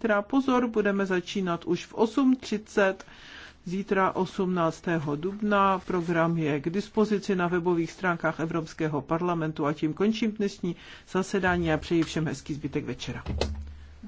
Zítra pozor, budeme začínat už v 8.30. Zítra 18. dubna program je k dispozici na webových stránkách Evropského parlamentu a tím končím dnešní zasedání a přeji všem hezký zbytek večera.